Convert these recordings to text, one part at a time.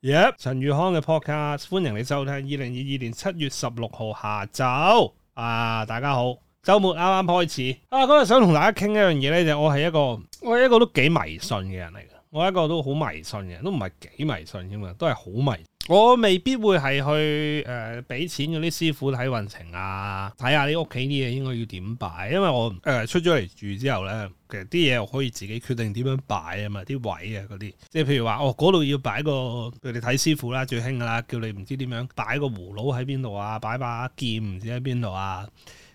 Yep, 陳宇康嘅 podcast，歡迎你收聽。二零二二年七月十六號下晝啊，大家好，周末啱啱開始啊，今日想同大家傾一樣嘢咧，就是，我係一個我係一個都幾迷信嘅人嚟嘅。我一個都好迷信嘅，都唔係幾迷信噶嘛，都係好迷信。我未必會係去誒俾、呃、錢嗰啲師傅睇運程啊，睇下你屋企啲嘢應該要點擺，因為我誒、呃、出咗嚟住之後咧，其實啲嘢我可以自己決定點樣擺啊嘛，啲位啊嗰啲，即係譬如話哦嗰度要擺個，你睇師傅啦最興㗎啦，叫你唔知點樣擺個葫蘆喺邊度啊，擺把劍唔知喺邊度啊，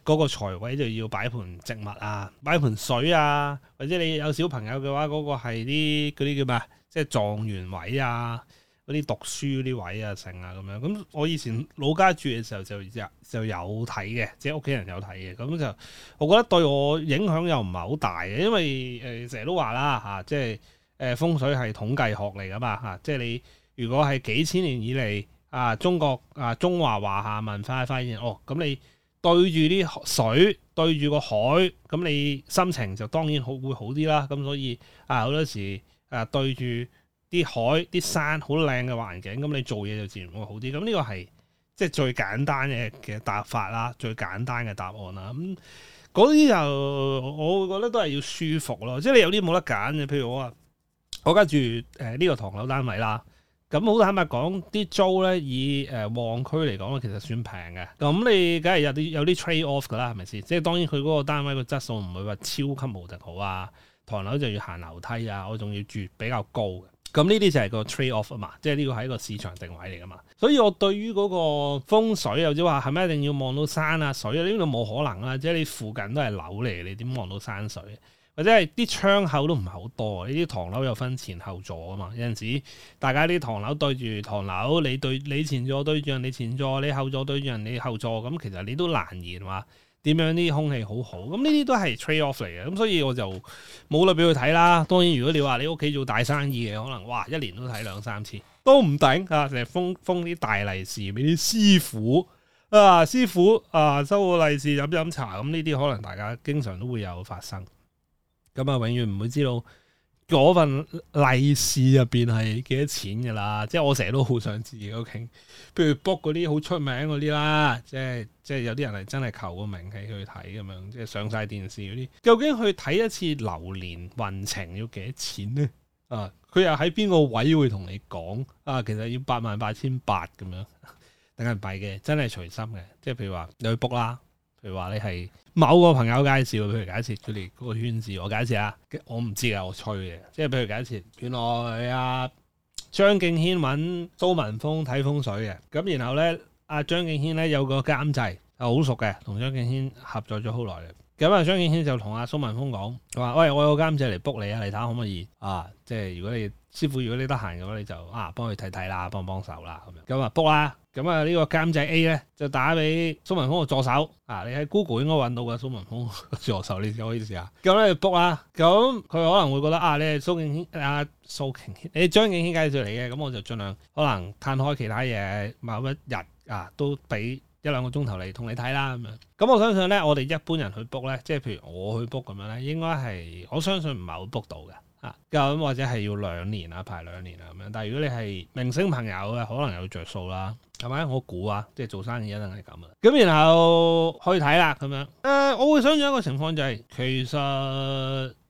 嗰、嗰個財位就要擺盆植物啊，擺盆水啊，或者你有小朋友嘅話，嗰、嗰個係啲嗰啲叫咩啊，即係狀元位啊。嗰啲讀書嗰啲位啊，成啊咁樣，咁我以前老家住嘅時候就就有睇嘅，即係屋企人有睇嘅，咁就我覺得對我影響又唔係好大嘅，因為誒成日都話啦嚇、啊，即係誒、呃、風水係統計學嚟㗎嘛嚇、啊，即係你如果係幾千年以嚟啊中國啊中華華夏文化發現哦，咁你對住啲水，對住個海，咁你心情就當然好會好啲啦，咁所以啊好多時誒、啊、對住。啲海、啲山好靚嘅環境，咁你做嘢就自然會好啲。咁呢個係即係最簡單嘅嘅答法啦，最簡單嘅答案啦。咁嗰啲就我會覺得都係要舒服咯。即係你有啲冇得揀嘅，譬如我啊，我家住誒呢、呃這個唐樓單位啦。咁好坦白講，啲租咧以誒、呃、旺區嚟講咧，其實算平嘅。咁你梗係有啲有啲 trade off 㗎啦，係咪先？即係當然佢嗰個單位個質素唔會話超級無敵好啊。唐樓就要行樓梯啊，我仲要住比較高嘅。咁呢啲就係個 trade off 啊嘛，即係呢個係一個市場定位嚟噶嘛，所以我對於嗰個風水又即係話係咪一定要望到山啊水啊呢度冇可能啊，即係你附近都係樓嚟，你點望到山水？或者係啲窗口都唔係好多啊？呢啲唐樓又分前後座啊嘛，有陣時大家啲唐樓對住唐樓，你對你前座對住人，你前座你後座對住人，你後座咁，座其實你都難言話。點樣啲空氣好好咁，呢啲都係 trade off 嚟嘅，咁所以我就冇啦俾佢睇啦。當然如果你話你屋企做大生意嘅，可能哇一年都睇兩三次都唔頂啊，成日封封啲大利是俾啲師傅啊，師傅啊收個利是飲飲茶，咁呢啲可能大家經常都會有發生，咁啊永遠唔會知道。嗰份利是入邊係幾多錢噶啦？即係我成日都好想自己去傾，譬如 book 嗰啲好出名嗰啲啦，即係即係有啲人係真係求個名氣去睇咁樣，即係上晒電視嗰啲，究竟去睇一次流年運程要幾多錢呢？啊，佢又喺邊個位會同你講啊？其實要八萬八千八咁樣，等唔係嘅，真係隨心嘅，即係譬如話你去 book 啦。譬如話你係某個朋友介紹，譬如解釋佢哋嗰個圈子，我解釋啊，我唔知嘅，我吹嘅，即係譬如解釋原來阿、啊、張敬軒揾蘇文峰睇風水嘅，咁然後咧阿、啊、張敬軒咧有個監製係好熟嘅，同張敬軒合作咗好耐嘅。咁啊，張敬軒就同阿蘇文峰講，佢話喂，我有個監製嚟 book 你啊，你睇下可唔可以啊？即係如果你師傅，如果你得閒嘅話，你就啊幫佢睇睇啦，幫幫手啦咁樣。咁啊 book 啦，咁啊呢個監製 A 咧就打俾蘇文峰個助手啊，你喺 Google 應該揾到嘅蘇文峰助手，你可以試下。咁你 book 啦，咁、嗯、佢可能會覺得啊，你係蘇敬軒、阿蘇晴、你張敬軒介紹嚟嘅，咁我就盡量可能攤開其他嘢，某一日啊都俾。一兩個鐘頭嚟同你睇啦咁樣，咁我相信呢，我哋一般人去 book 呢，即係譬如我去 book 咁樣呢，應該係我相信唔係會 book 到嘅，嚇、啊，咁或者係要兩年啊，排兩年啊咁樣。但係如果你係明星朋友嘅，可能有着數啦，係咪？我估啊，即係做生意一定係咁啊。咁然後去睇啦咁樣，誒、呃，我會想象一個情況就係、是，其實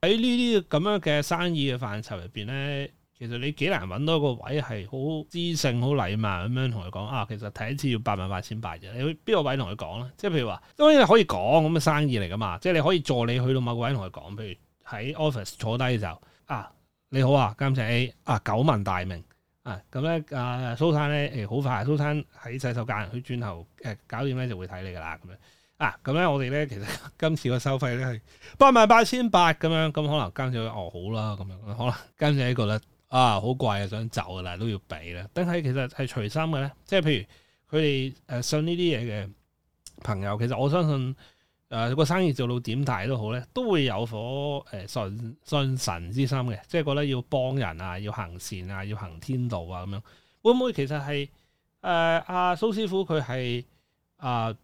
喺呢啲咁樣嘅生意嘅範疇入邊呢。其實你幾難揾到一個位係好知性、好禮貌咁樣同佢講啊。其實睇一次要八萬八千八嘅，你邊個位同佢講咧？即係譬如話，當然你可以講咁嘅生意嚟噶嘛。即係你可以助你去到某個位同佢講，譬如喺 office 坐低嘅時候啊，你好啊，監察 A 啊，久聞大名啊，咁咧啊，蘇珊咧，誒、啊、好快，蘇珊喺洗手間，佢轉頭誒搞掂咧就會睇你噶啦咁樣啊。咁、啊、咧、啊、我哋咧其實今次個收費咧係八萬八千八咁樣，咁可能監察 A 哦好啦，咁樣可能監察呢覺得。啊，好貴啊！想走噶啦，都要俾喇。定係其實係隨心嘅咧，即係譬如佢哋誒信呢啲嘢嘅朋友，其實我相信誒個、呃、生意做到點大都好咧，都會有顆誒、呃、信信神之心嘅，即係覺得要幫人啊，要行善啊，要行天道啊咁樣。會唔會其實係誒阿蘇師傅佢係啊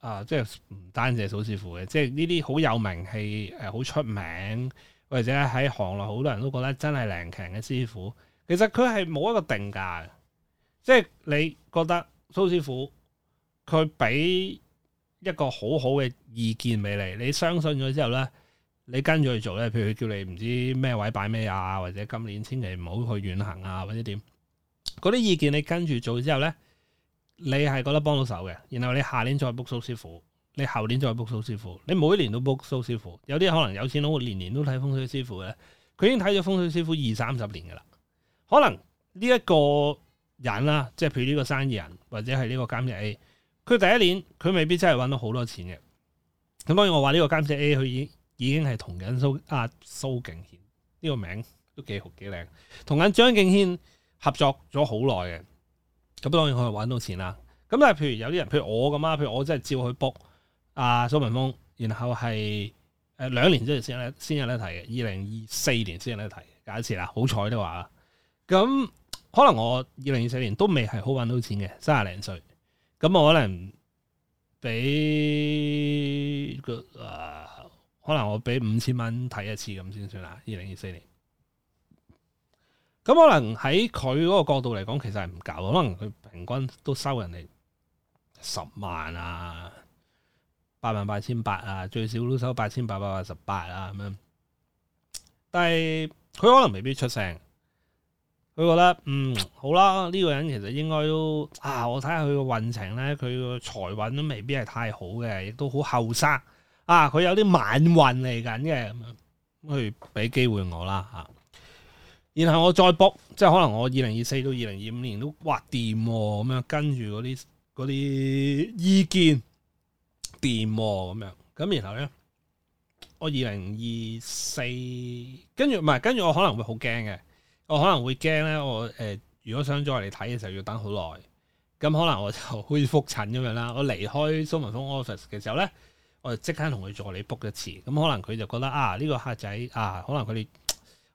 啊，即係唔單淨係蘇師傅嘅，即係呢啲好有名氣誒好出名。或者喺行內好多人都覺得真係靈強嘅師傅，其實佢係冇一個定價嘅，即係你覺得蘇師傅佢俾一個好好嘅意見俾你，你相信咗之後咧，你跟住去做咧，譬如佢叫你唔知咩位擺咩啊，或者今年千祈唔好去遠行啊，或者點嗰啲意見你跟住做之後咧，你係覺得幫到手嘅，然後你下年再 book 蘇師傅。你後年再 book 蘇師傅，你每年都 book 蘇師傅，有啲可能有錢佬會年年都睇風水師傅嘅咧，佢已經睇咗風水師傅二三十年㗎喇。可能呢一個人啦，即係譬如呢個生意人，或者係呢個監製 A，佢第一年佢未必真係搵到好多錢嘅。咁當然我話呢個監製 A 佢已已經係同緊蘇啊，蘇敬軒呢個名都幾好幾靚，同緊張敬軒合作咗好耐嘅。咁當然佢係搵到錢啦。咁但係譬如有啲人譬如我咁啊，譬如我真係照佢 book。阿蘇、啊、文峰，然後係誒、呃、兩年之後先咧，先有得睇嘅，二零二四年先有得睇，假設啦，好彩都話咁可能我二零二四年都未係好揾到錢嘅，三十零歲，咁我可能俾誒，可能我俾五千蚊睇一次咁先算啦。二零二四年，咁、嗯嗯、可能喺佢嗰個角度嚟講，其實係唔夠，可能佢平均都收人哋十萬啊。八萬八千八啊，8, 800, 最少都收八千八百八十八啊咁樣，但係佢可能未必出聲。佢覺得嗯好啦，呢個人其實應該都啊，我睇下佢嘅運程咧，佢嘅財運都未必係太好嘅，亦都好後生啊，佢有啲晚運嚟緊嘅咁樣，咁去俾機會我啦吓。然後我再卜，即係可能我二零二四到二零二五年都滑掂咁樣，跟住嗰啲嗰啲意見。變喎咁樣，咁然後咧，我二零二四跟住唔係跟住我可能會好驚嘅，我可能會驚咧。我、呃、誒，如果想再嚟睇嘅時候要等好耐，咁、嗯、可能我就好似復診咁樣啦。我離開蘇文峰 office 嘅時候咧，我就即刻同佢助理 book 一次，咁、嗯、可能佢就覺得啊呢、這個客仔啊，可能佢哋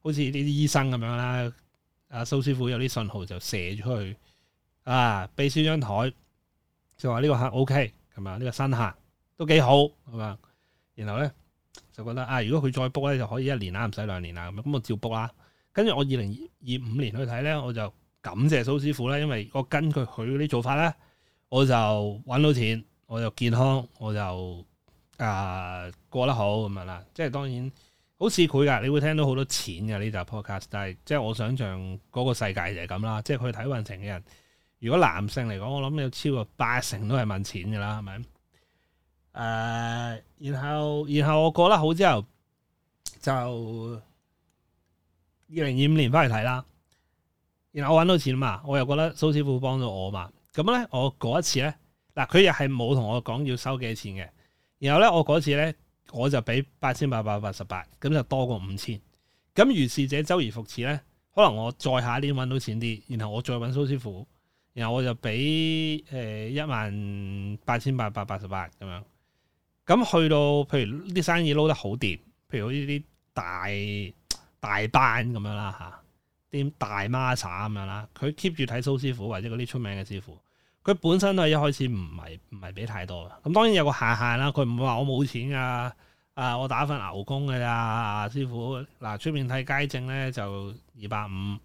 好似呢啲醫生咁樣啦。阿、啊、蘇師傅有啲信號就射出去，啊俾秘書張台，就話呢個客 O K 係嘛，呢、這個新客。都幾好，係嘛？然後咧就覺得啊，如果佢再卜咧，就可以一年啦，唔使兩年啦，咁咁我照卜啦。跟住我二零二五年去睇咧，我就感謝蘇師傅啦，因為我根據佢啲做法咧，我就揾到錢，我就健康，我就啊、呃、過得好咁樣啦。即係當然好似佢噶，你會聽到好多錢噶呢集 podcast，但係即係我想象嗰個世界就係咁啦。即係佢睇運程嘅人，如果男性嚟講，我諗有超過八成都係問錢噶啦，係咪？誒、呃，然後然後我過得好之後就二零二五年翻嚟睇啦。然後我揾到錢嘛，我又覺得蘇師傅幫咗我嘛。咁咧我嗰一次咧，嗱佢又係冇同我講要收幾錢嘅。然後咧我嗰次咧，我就俾八千八百八十八，咁就多過五千。咁如是者周而復始咧，可能我再下一年揾到錢啲，然後我再揾蘇師傅，然後我就俾誒一萬八千八百八十八咁樣。咁去到，譬如啲生意撈得好掂，譬如好似啲大大班咁樣啦嚇，啲、啊、大孖沙咁樣啦，佢 keep 住睇蘇師傅或者嗰啲出名嘅師傅，佢本身都係一開始唔係唔係俾太多嘅，咁、啊、當然有個下限啦，佢唔會話我冇錢啊，啊我打份牛工㗎咋，師傅嗱出、啊、面睇街症咧就二百五，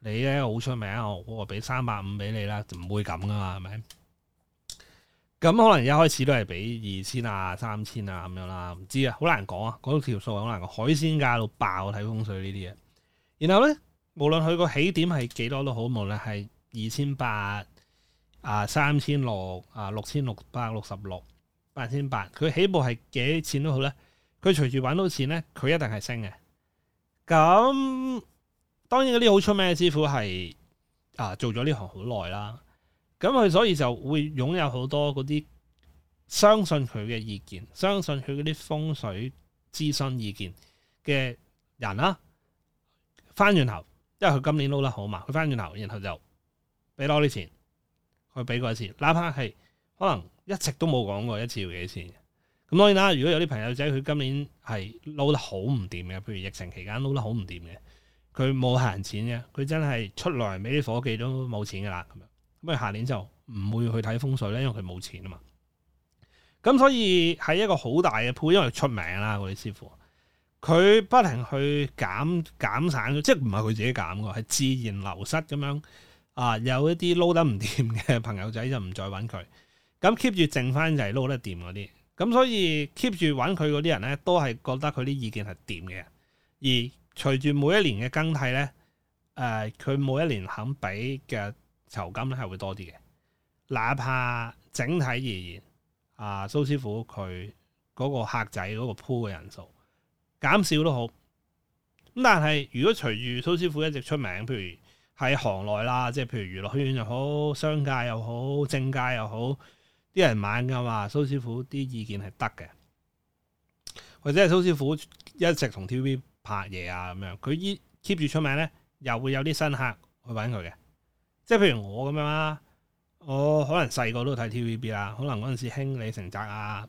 你咧好出名，我我俾三百五俾你啦，就唔會咁㗎嘛，係咪？咁可能一開始都係俾二千啊、三千啊咁樣啦，唔知啊，好難講啊。嗰條數好難講，海鮮價到爆，睇風水呢啲嘢。然後咧，無論佢個起點係幾多都好，無論係二千八啊、三千六啊、六千六百六十六、八千八，佢起步係幾錢都好咧。佢隨住揾到錢咧，佢一定係升嘅。咁、嗯、當然嗰啲好出名嘅師傅係啊，做咗呢行好耐啦。咁佢所以就會擁有好多嗰啲相信佢嘅意見，相信佢嗰啲風水諮詢意見嘅人啦、啊。翻轉頭，因為佢今年撈得好嘛，佢翻轉頭，然後就俾多啲錢，佢俾過一次，哪怕係可能一直都冇講過一次要幾錢。咁當然啦、啊，如果有啲朋友仔佢今年係撈得好唔掂嘅，譬如疫情期間撈得好唔掂嘅，佢冇閒錢嘅，佢真係出來俾啲伙計都冇錢噶啦。咁啊，下年就唔會去睇風水咧，因為佢冇錢啊嘛。咁所以係一個好大嘅鋪，因為出名啦嗰啲師傅，佢不停去減減散，即係唔係佢自己減嘅，係自然流失咁樣。啊、呃，有一啲撈得唔掂嘅朋友仔就唔再揾佢，咁 keep 住剩翻就係撈得掂嗰啲。咁所以 keep 住揾佢嗰啲人咧，都係覺得佢啲意見係掂嘅。而隨住每一年嘅更替咧，誒、呃，佢每一年肯俾嘅。酬金咧係會多啲嘅，哪怕整體而言，啊蘇師傅佢嗰個客仔嗰個 pool 嘅人數減少都好，咁但係如果隨住蘇師傅一直出名，譬如喺行內啦，即係譬如娛樂圈又好，商界又好，政界又好，啲人猛噶嘛，蘇師傅啲意見係得嘅，或者係蘇師傅一直同 TV 拍嘢啊咁樣，佢依 keep 住出名咧，又會有啲新客去揾佢嘅。即係譬如我咁樣啦，我可能細個都睇 TVB 啦，可能嗰陣時興李丞責啊、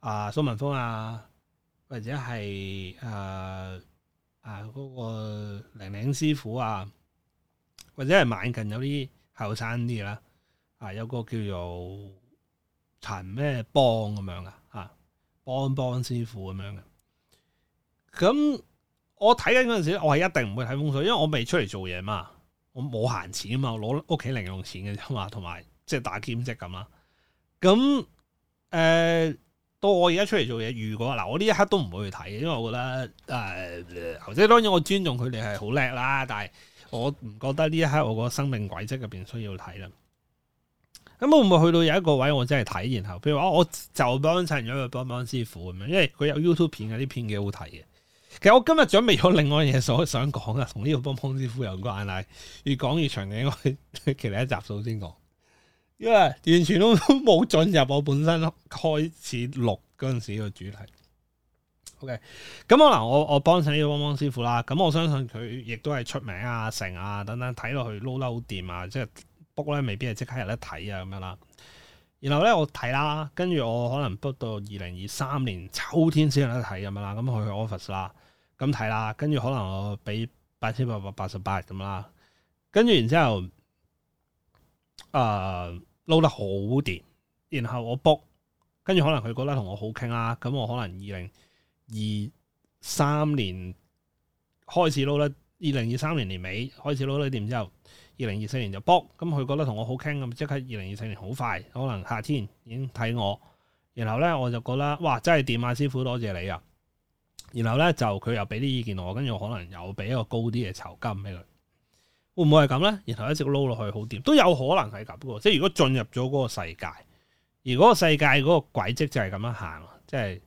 啊蘇文峰啊，或者係誒誒嗰個玲玲師傅啊，或者係晚近有啲後生啲啦，啊有個叫做陳咩幫咁樣嘅吓，幫、啊、幫幫師傅咁樣嘅。咁我睇緊嗰陣時，我係一定唔會睇風水，因為我未出嚟做嘢嘛。我冇閒錢啊嘛，我攞屋企零用錢嘅啫嘛，同埋即係打兼職咁啦。咁誒、呃，到我而家出嚟做嘢，如果嗱，我呢一刻都唔會去睇嘅，因為我覺得誒，即、呃、係、呃、當然我尊重佢哋係好叻啦，但係我唔覺得呢一刻我個生命軌跡入邊需要睇啦。咁我會唔會去到有一個位我真係睇，然後譬如話，我就幫襯咗個幫幫師傅咁樣，因為佢有 YouTube 片嘅，啲片幾好睇嘅。其實我今日準備咗另外嘢所想講啊，同呢個幫幫師傅有關啦。越講越長嘅，應該其他一集數先講。因為完全都冇進入我本身開始錄嗰陣時個主題。OK，咁可能我我幫襯呢個幫幫師傅啦。咁我相信佢亦都係出名啊、成啊等等，睇落去撈撈掂啊，即係 book 咧，未必係即刻有得睇啊咁樣啦。然後咧，我睇啦，跟住我可能 book 到二零二三年秋天先有得睇咁樣啦。咁佢去 office 啦。咁睇啦，跟住可能我俾八千八百八十八咁啦，跟住然之後，誒、呃、撈得好掂，然後我 book，跟住可能佢覺得同我好傾啦，咁我可能二零二三年開始撈得，二零二三年年尾開始撈得掂之後，二零二四年就 book，咁佢覺得同我好傾咁，即刻二零二四年好快，可能夏天已經睇我，然後咧我就覺得哇真係掂啊，師傅多謝你啊！然後咧就佢又俾啲意見我，跟住我可能又俾一個高啲嘅酬金俾佢，會唔會係咁咧？然後一直撈落去好掂，都有可能係咁嘅。即係如果進入咗嗰個世界，而嗰個世界嗰個軌跡就係咁樣行，即係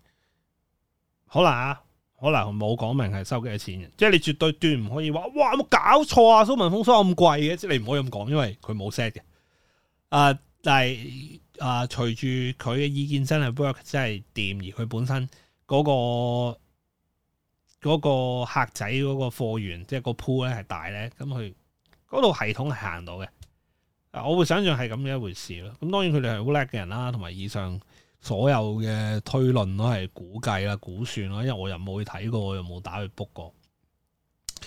可能啊，可能冇講明係收幾多錢嘅，即係你絕對斷唔可以話哇，有冇搞錯啊！蘇文峰收咁貴嘅，即係你唔可以咁講，因為佢冇 set 嘅。啊、呃，但係啊，隨住佢嘅意見真係 work，真係掂，而佢本身嗰、嗰個。嗰個客仔嗰個貨源即係、就是、個 pool 咧係大咧，咁佢嗰度系統係行到嘅。啊，我會想象係咁樣一回事咯。咁當然佢哋係好叻嘅人啦，同埋以上所有嘅推論都係估計啦、估算啦，因為我又冇去睇過，我又冇打去 book 過。誒、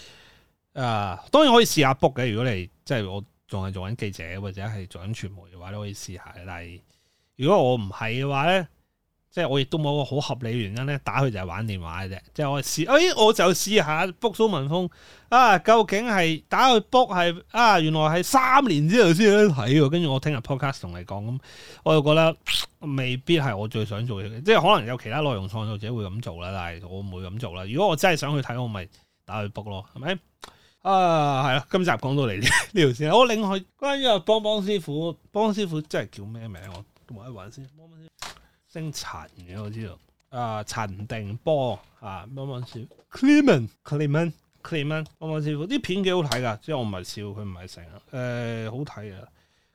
呃，當然可以試下 book 嘅。如果你即係、就是、我仲係做緊記者或者係做緊傳媒嘅話，都可以試下。但係如果我唔係嘅話咧。即係我亦都冇一個好合理原因咧，打佢就係玩電話嘅啫。即係我試，哎，我就試下 book 蘇文峰啊，究竟係打去 book 係啊？原來係三年之後先有得睇。跟住我聽日 podcast 同你講，咁我就覺得未必係我最想做嘅嘢，即係可能有其他內容創作者會咁做啦。但係我唔會咁做啦。如果我真係想去睇，我咪打去 book 咯，係咪？啊，係啦。今集講到嚟呢條線，我另外關於阿幫幫師傅，幫師傅，幫師傅真係叫咩名？我搵一搵先。幫幫姓陳嘅我知道，啊、呃、陳定波啊，波波師傅 Clement Clement Clement 波波師傅啲片幾好睇噶，即係我唔係笑佢唔係成，誒、呃、好睇啊！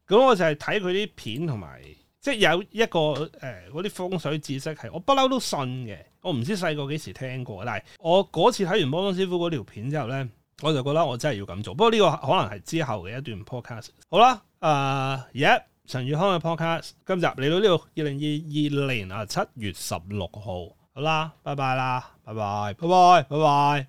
咁我就係睇佢啲片同埋，即係有一個誒嗰啲風水知識係我，我不嬲都信嘅，我唔知細個幾時聽過，但係我嗰次睇完波波師傅嗰條片之後咧，我就覺得我真係要咁做。不過呢個可能係之後嘅一段 podcast。好啦，誒、呃，而家。陳宇康嘅 podcast，今集嚟到呢度，二零二二年啊七月十六號，好啦，拜拜啦，拜拜，拜拜，拜拜。